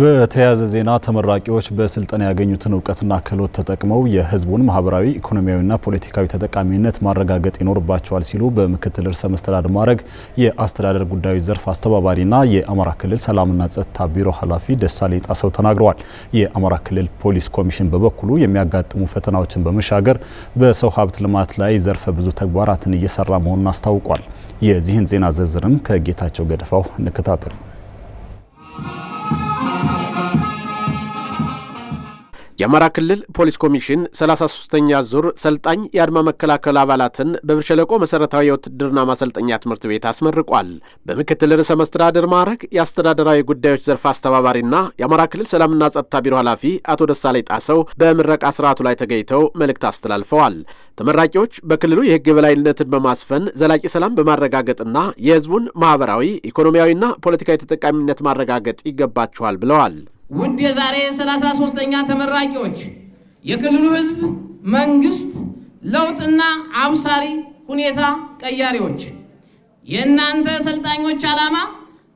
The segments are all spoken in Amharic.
በተያያዘ ዜና ተመራቂዎች በስልጠና ያገኙትን እውቀትና ክህሎት ተጠቅመው የህዝቡን ማህበራዊ፣ ኢኮኖሚያዊና ፖለቲካዊ ተጠቃሚነት ማረጋገጥ ይኖርባቸዋል ሲሉ በምክትል ርዕሰ መስተዳድር ማዕረግ የአስተዳደር ጉዳዮች ዘርፍ አስተባባሪና የአማራ ክልል ሰላምና ጸጥታ ቢሮ ኃላፊ ደሳለኝ ጣሰው ተናግረዋል። የአማራ ክልል ፖሊስ ኮሚሽን በበኩሉ የሚያጋጥሙ ፈተናዎችን በመሻገር በሰው ሀብት ልማት ላይ ዘርፈ ብዙ ተግባራትን እየሰራ መሆኑን አስታውቋል። የዚህን ዜና ዝርዝርም ከጌታቸው ገደፋው እንከታተል። የአማራ ክልል ፖሊስ ኮሚሽን 33ኛ ዙር ሰልጣኝ የአድማ መከላከል አባላትን በብር ሸለቆ መሰረታዊ የውትድርና ማሰልጠኛ ትምህርት ቤት አስመርቋል። በምክትል ርዕሰ መስተዳድር ማዕረግ የአስተዳደራዊ ጉዳዮች ዘርፍ አስተባባሪና የአማራ ክልል ሰላምና ጸጥታ ቢሮ ኃላፊ አቶ ደሳሌ ጣሰው በምረቃ ስርዓቱ ላይ ተገኝተው መልእክት አስተላልፈዋል። ተመራቂዎች በክልሉ የህግ የበላይነትን በማስፈን ዘላቂ ሰላም በማረጋገጥና የህዝቡን ማህበራዊ ኢኮኖሚያዊና ፖለቲካዊ ተጠቃሚነት ማረጋገጥ ይገባቸዋል ብለዋል። ውድ የዛሬ ሰላሳ ሶስተኛ ተመራቂዎች የክልሉ ህዝብ፣ መንግስት፣ ለውጥና አብሳሪ ሁኔታ ቀያሪዎች የእናንተ ሰልጣኞች ዓላማ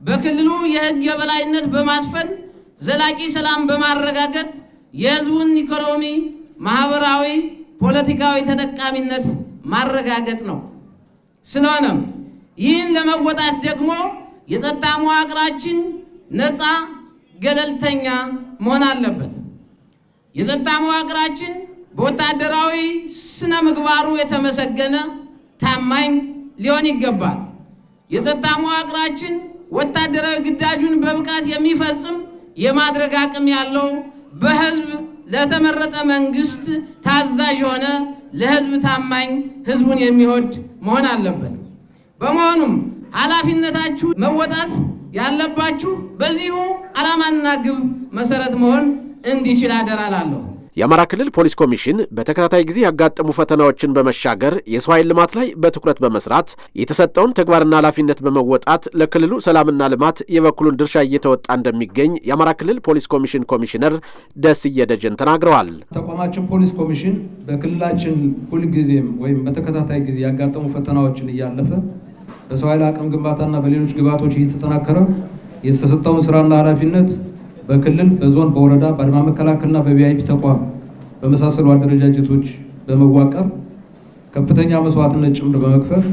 በክልሉ የህግ የበላይነት በማስፈን ዘላቂ ሰላም በማረጋገጥ የህዝቡን ኢኮኖሚ፣ ማህበራዊ፣ ፖለቲካዊ ተጠቃሚነት ማረጋገጥ ነው። ስለሆነም ይህን ለመወጣት ደግሞ የጸጥታ መዋቅራችን ነፃ ገለልተኛ መሆን አለበት። የጸጥታ መዋቅራችን በወታደራዊ ስነ ምግባሩ የተመሰገነ ታማኝ ሊሆን ይገባል። የጸጥታ መዋቅራችን ወታደራዊ ግዳጁን በብቃት የሚፈጽም የማድረግ አቅም ያለው በህዝብ ለተመረጠ መንግስት ታዛዥ የሆነ ለህዝብ ታማኝ ህዝቡን የሚወድ መሆን አለበት። በመሆኑም ኃላፊነታችሁ መወጣት ያለባችሁ በዚሁ ዓላማና ግብ መሰረት መሆን እንዲችል አደራላለሁ። የአማራ ክልል ፖሊስ ኮሚሽን በተከታታይ ጊዜ ያጋጠሙ ፈተናዎችን በመሻገር የሰው ኃይል ልማት ላይ በትኩረት በመስራት የተሰጠውን ተግባርና ኃላፊነት በመወጣት ለክልሉ ሰላምና ልማት የበኩሉን ድርሻ እየተወጣ እንደሚገኝ የአማራ ክልል ፖሊስ ኮሚሽን ኮሚሽነር ደስዬ ደጀን ተናግረዋል። ተቋማችን ፖሊስ ኮሚሽን በክልላችን ሁልጊዜም ወይም በተከታታይ ጊዜ ያጋጠሙ ፈተናዎችን እያለፈ በሰው ኃይል አቅም ግንባታና በሌሎች ግብዓቶች እየተጠናከረ የተሰጠውን ስራና ኃላፊነት በክልል፣ በዞን፣ በወረዳ፣ በአድማ መከላከልና በቪአይፒ ተቋም በመሳሰሉ አደረጃጀቶች በመዋቀር ከፍተኛ መስዋዕትነት ጭምር በመክፈል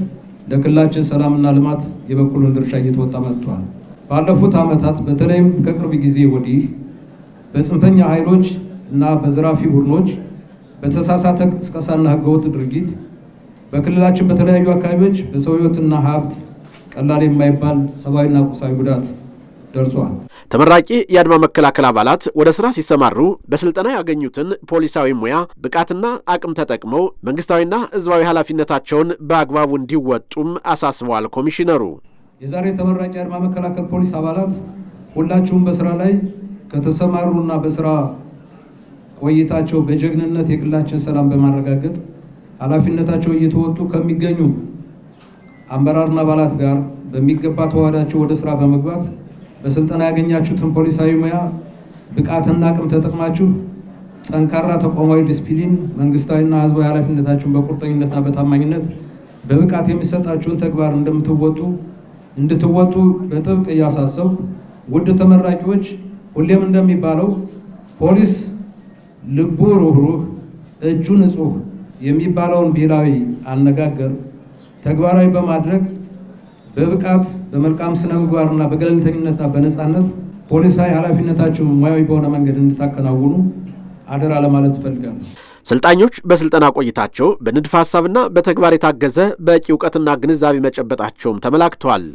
ለክልላችን ሰላምና ልማት የበኩሉን ድርሻ እየተወጣ መጥቷል። ባለፉት ዓመታት በተለይም ከቅርብ ጊዜ ወዲህ በጽንፈኛ ኃይሎች እና በዘራፊ ቡድኖች በተሳሳተ ቅስቀሳና ህገወጥ ድርጊት በክልላችን በተለያዩ አካባቢዎች በሰው ህይወትና ሀብት ቀላል የማይባል ሰብአዊና ቁሳዊ ጉዳት ደርሷል። ተመራቂ የአድማ መከላከል አባላት ወደ ስራ ሲሰማሩ በስልጠና ያገኙትን ፖሊሳዊ ሙያ ብቃትና አቅም ተጠቅመው መንግስታዊና ህዝባዊ ኃላፊነታቸውን በአግባቡ እንዲወጡም አሳስበዋል። ኮሚሽነሩ የዛሬ ተመራቂ የአድማ መከላከል ፖሊስ አባላት ሁላችሁም በስራ ላይ ከተሰማሩና በስራ ቆይታቸው በጀግንነት የግላችን ሰላም በማረጋገጥ ኃላፊነታቸው እየተወጡ ከሚገኙ አመራርና አባላት ጋር በሚገባ ተዋህዳቸው ወደ ስራ በመግባት በስልጠና ያገኛችሁትን ፖሊሳዊ ሙያ ብቃትና አቅም ተጠቅማችሁ ጠንካራ ተቋማዊ ዲስፕሊን፣ መንግስታዊና ህዝባዊ ኃላፊነታችሁን በቁርጠኝነትና በታማኝነት በብቃት የሚሰጣችሁን ተግባር እንደምትወጡ እንድትወጡ በጥብቅ እያሳሰብ ውድ ተመራቂዎች ሁሌም እንደሚባለው ፖሊስ ልቡ ሩህሩህ፣ እጁ ንጹህ የሚባለውን ብሔራዊ አነጋገር ተግባራዊ በማድረግ በብቃት በመልካም ስነ ምግባርና በገለልተኝነትና በነፃነት ፖሊሳዊ ኃላፊነታቸው ሙያዊ በሆነ መንገድ እንድታከናውኑ አደራ ለማለት ይፈልጋል። ሰልጣኞች በስልጠና ቆይታቸው በንድፈ ሐሳብና በተግባር የታገዘ በቂ እውቀትና ግንዛቤ መጨበጣቸውም ተመላክተዋል።